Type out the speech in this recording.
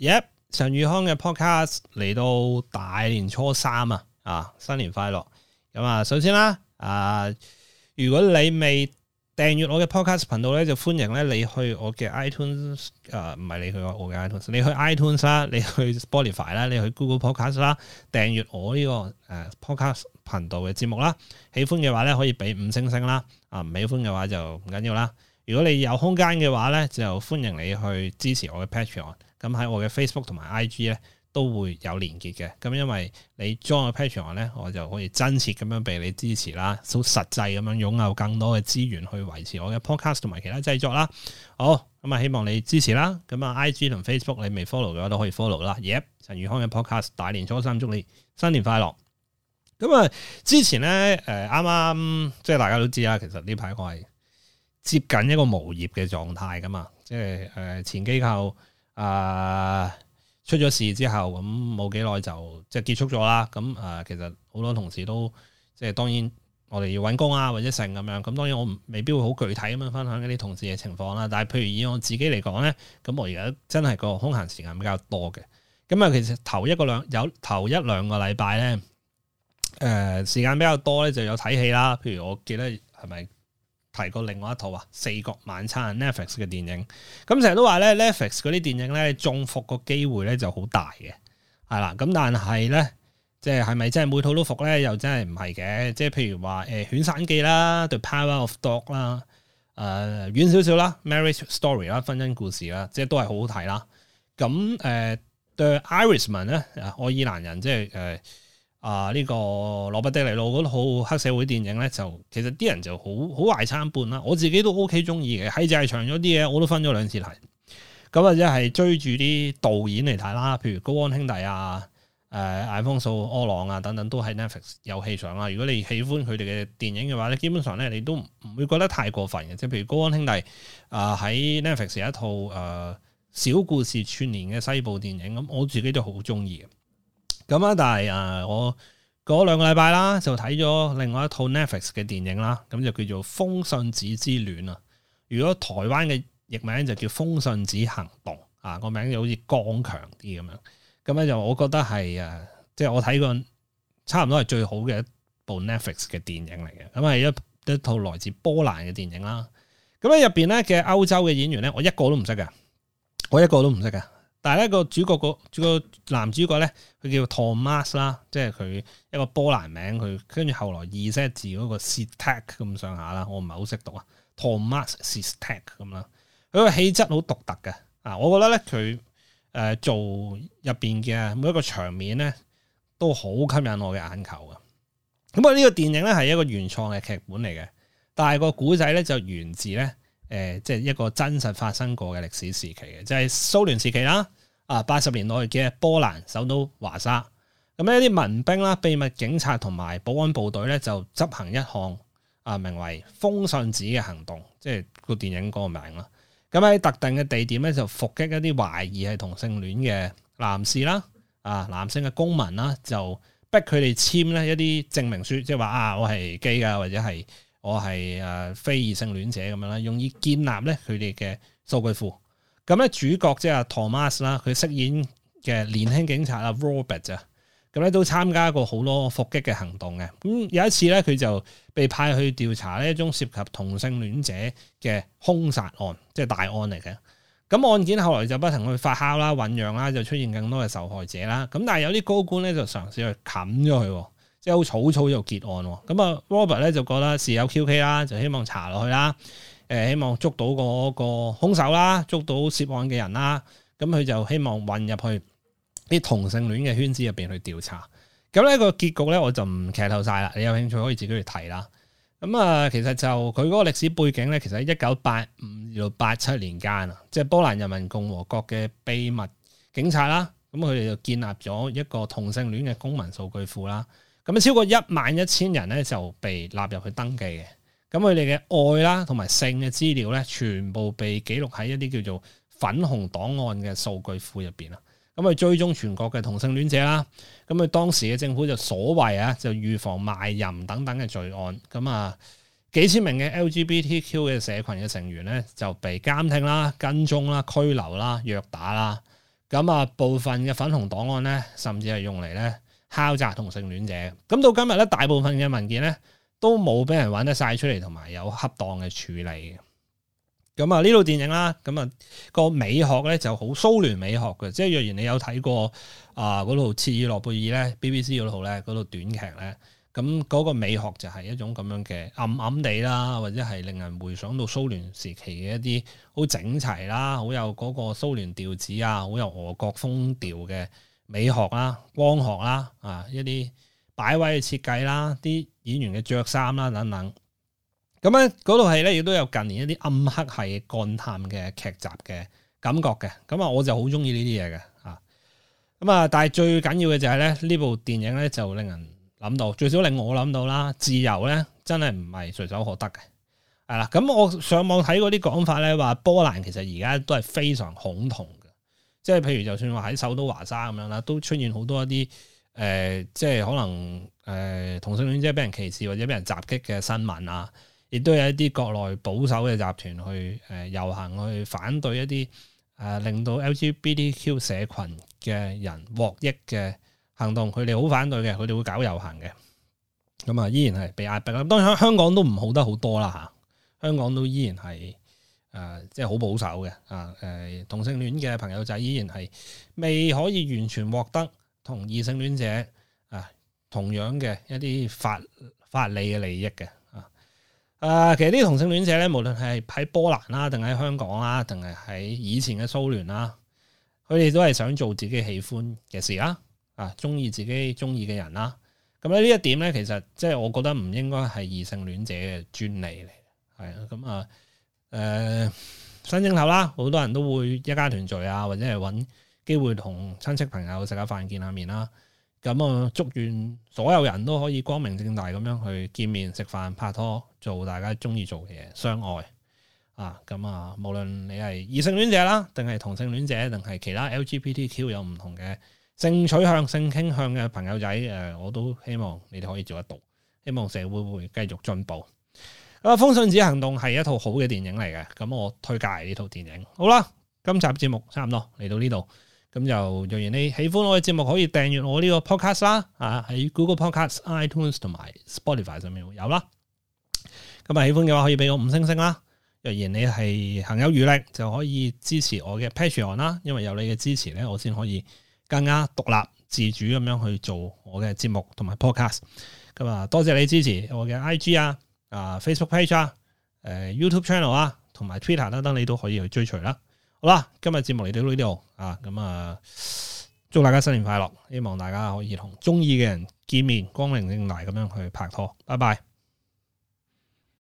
Yep！陳宇康嘅 podcast 嚟到大年初三啊！啊，新年快樂！咁啊，首先啦，啊，如果你未訂閱我嘅 podcast 頻道咧，就歡迎咧你去我嘅 iTunes，誒、啊、唔係你去我嘅 iTunes，你去 iTunes 啦，你去 Spotify 啦，你去 Google Podcast 啦，訂閱我呢、這個誒、啊、podcast 頻道嘅節目啦。喜歡嘅話咧，可以俾五星星啦。啊，唔喜歡嘅話就唔緊要啦。如果你有空間嘅話咧，就歡迎你去支持我嘅 Patreon。咁喺、嗯、我嘅 Facebook 同埋 IG 咧都會有連結嘅，咁、嗯、因為你 join 嘅 Patreon，咧，我就可以真切咁樣俾你支持啦，都實際咁樣擁有更多嘅資源去維持我嘅 podcast 同埋其他製作啦。好，咁、嗯、啊希望你支持啦。咁、嗯、啊 IG 同 Facebook 你未 follow 嘅都可以 follow 啦。耶、yeah！陳宇康嘅 podcast 大年初三祝你新年快樂。咁、嗯、啊、嗯、之前咧，誒啱啱即係大家都知啦，其實呢排我係接近一個無業嘅狀態噶嘛，即係誒、呃、前機構。啊！出咗事之後，咁冇幾耐就即係、就是、結束咗啦。咁啊、呃，其實好多同事都即係當然，我哋要搵工啊，或者成咁樣。咁當然我未必會好具體咁樣分享嗰啲同事嘅情況啦。但係譬如以我自己嚟講咧，咁我而家真係個空閒時間比較多嘅。咁啊，其實頭一個兩有頭一兩個禮拜咧，誒、呃、時間比較多咧，就有睇戲啦。譬如我記得係咪？是提過另外一套啊，《四國晚餐》Netflix 嘅電影，咁成日都話咧，Netflix 嗰啲電影咧，中伏個機會咧就好大嘅，係啦。咁但係咧，即係係咪真係每套都伏咧？又真係唔係嘅。即係譬如話誒，呃《犬山記》啦，《The Power of Dog、呃》啦，誒遠少少啦，《Marriage Story》啦，婚姻故事啦，即係都係好好睇啦。咁、嗯、誒，呃《The Irishman、呃》咧，《愛爾蘭人》即係誒。呃啊！呢、呃呢個《羅伯迪尼路》嗰套黑社會電影咧，就其實啲人就好好壞參半啦。我自己都 OK 中意嘅，係就係長咗啲嘢，我都分咗兩次睇。咁或者係追住啲導演嚟睇啦，譬如高安兄弟啊、誒艾方索、柯、so, 朗啊等等，都喺 Netflix 有戲上啦。如果你喜歡佢哋嘅電影嘅話咧，基本上咧你都唔會覺得太過分嘅。即係譬如高安兄弟啊，喺、呃、Netflix 有一套誒、呃、小故事串連嘅西部電影，咁、嗯、我自己都好中意嘅。咁啊！但係啊，我嗰兩個禮拜啦，就睇咗另外一套 Netflix 嘅電影啦，咁就叫做《風信子之戀》啊。如果台灣嘅譯名就叫《風信子行動》啊，個名就好似剛強啲咁樣。咁咧就我覺得係啊，即係我睇過差唔多係最好嘅一部 Netflix 嘅電影嚟嘅。咁係一一套來自波蘭嘅電影啦。咁咧入邊咧嘅歐洲嘅演員咧，我一個都唔識㗎，我一個都唔識㗎。但係咧、嗰個主角，個主角，男主角咧，佢叫 Thomas 啦，即係佢一個波蘭名佢，跟住後來二 set 字嗰個 Sztak 咁上下啦，我唔係好識讀啊，Thomas Sztak 咁啦。佢個氣質好獨特嘅啊，我覺得咧佢誒做入邊嘅每一個場面咧，都好吸引我嘅眼球啊。咁啊呢個電影咧係一個原創嘅劇本嚟嘅，但係個古仔咧就源自咧，誒，即係一個真實發生過嘅歷史時期嘅，就係、是、蘇聯時期啦。啊，八十年代嘅波蘭首都華沙，咁咧一啲民兵啦、秘密警察同埋保安部隊咧，就執行一項啊，名為風信子嘅行動，即係個電影嗰個名啦。咁喺特定嘅地點咧，就伏擊一啲懷疑係同性戀嘅男士啦，啊，男性嘅公民啦，就逼佢哋簽咧一啲證明書，即係話啊，我係 gay 噶，或者係。我係誒非異性戀者咁樣啦，用以建立咧佢哋嘅數據庫。咁咧主角即係阿 Thomas 啦，佢飾演嘅年輕警察啊 Robert 啊，咁咧都參加過好多伏擊嘅行動嘅。咁、嗯、有一次咧，佢就被派去調查一種涉及同性戀者嘅兇殺案，即係大案嚟嘅。咁案件後來就不停去發酵啦、醞釀啦，就出現更多嘅受害者啦。咁但係有啲高官咧就嘗試去冚咗佢。即係好草草就結案，咁啊，Robert 咧就覺得事有蹊蹺啦，就希望查落去啦，誒，希望捉到嗰個兇手啦，捉到涉案嘅人啦，咁佢就希望混入去啲同性戀嘅圈子入邊去調查。咁呢個結局咧，我就唔劇透晒啦。你有興趣可以自己去睇啦。咁啊，其實就佢嗰個歷史背景咧，其實喺一九八五到八七年間啊，即係波蘭人民共和國嘅秘密警察啦，咁佢哋就建立咗一個同性戀嘅公民數據庫啦。咁超過一萬一千人咧就被納入去登記嘅，咁佢哋嘅愛啦，同埋性嘅資料咧，全部被記錄喺一啲叫做粉紅檔案嘅數據庫入邊啦。咁佢追蹤全國嘅同性戀者啦，咁佢當時嘅政府就所謂啊，就預防賣淫等等嘅罪案。咁啊，幾千名嘅 LGBTQ 嘅社群嘅成員咧，就被監聽啦、跟蹤啦、拘留啦、虐打啦。咁啊，部分嘅粉紅檔案咧，甚至係用嚟咧。敲詐同性戀者，咁到今日咧，大部分嘅文件咧都冇俾人揾得晒出嚟，同埋有恰當嘅處理嘅。咁、嗯、啊，呢套電影啦，咁、嗯、啊、嗰個美學咧就好蘇聯美學嘅，即係若然你有睇過啊嗰套切爾諾貝爾咧，BBC 嗰套咧嗰套短劇咧，咁、那、嗰個美學就係一種咁樣嘅暗暗地啦，或者係令人回想到蘇聯時期嘅一啲好整齊啦，好有嗰個蘇聯調子啊，好有俄國風調嘅。美學啦、光學啦、啊一啲擺位嘅設計啦、啲、啊、演員嘅着衫啦等等，咁咧嗰套戲咧亦都有近年一啲暗黑系、幹探嘅劇集嘅感覺嘅，咁啊我就好中意呢啲嘢嘅，啊，咁啊，啊但係最緊要嘅就係咧呢部電影咧就令人諗到，最少令我諗到啦，自由咧真係唔係隨手可得嘅，係、啊、啦，咁我上網睇嗰啲講法咧話波蘭其實而家都係非常恐同。即係譬如，就算話喺首都華沙咁樣啦，都出現好多一啲誒、呃，即係可能誒、呃、同性戀者俾人歧視或者俾人襲擊嘅新聞啊，亦都有一啲國內保守嘅集團去誒、呃、遊行去反對一啲誒、呃、令到 LGBTQ 社群嘅人獲益嘅行動，佢哋好反對嘅，佢哋會搞遊行嘅。咁啊，依然係被壓迫啦。當然香港都唔好得好多啦，香港都依然係。誒、呃，即係好保守嘅，啊，誒，同性戀嘅朋友仔，依然係未可以完全獲得同異性戀者啊、呃、同樣嘅一啲法法理嘅利益嘅，啊，誒，其實呢啲同性戀者咧，無論係喺波蘭啦，定喺香港啦，定係喺以前嘅蘇聯啦，佢哋都係想做自己喜歡嘅事啦，啊、呃，中意自己中意嘅人啦，咁咧呢一點咧，其實即係我覺得唔應該係異性戀者嘅專利嚟，係啊，咁、呃、啊。呃誒、呃，新年頭啦，好多人都會一家團聚啊，或者係揾機會同親戚朋友食下飯見下面啦。咁啊，祝願所有人都可以光明正大咁樣去見面食飯、拍拖，做大家中意做嘅嘢，相愛啊。咁啊，無論你係異性戀者啦，定係同性戀者，定係其他 LGBTQ 有唔同嘅性取向、性傾向嘅朋友仔，誒、呃，我都希望你哋可以做得到，希望社會會繼續進步。啊《風信子行動》係一套好嘅電影嚟嘅，咁我推介呢套電影。好啦，今集節目差唔多嚟到呢度，咁就若然你喜歡我嘅節目，可以訂閱我呢個 podcast 啦，啊喺 Google Podcast、iTunes 同埋 Spotify 上面有啦。咁啊，喜歡嘅話可以俾我五星星啦。若然你係行有餘力，就可以支持我嘅 Patreon 啦，因為有你嘅支持咧，我先可以更加獨立自主咁樣去做我嘅節目同埋 podcast。咁啊，多謝你支持我嘅 IG 啊！啊，Facebook page 啊，誒、呃，YouTube channel 啊，同埋 Twitter，啊，等等，你都可以去追隨啦。好啦，今日節目嚟到呢度啊，咁啊，祝大家新年快樂，希望大家可以同鍾意嘅人見面，光明正大咁樣去拍拖。拜拜。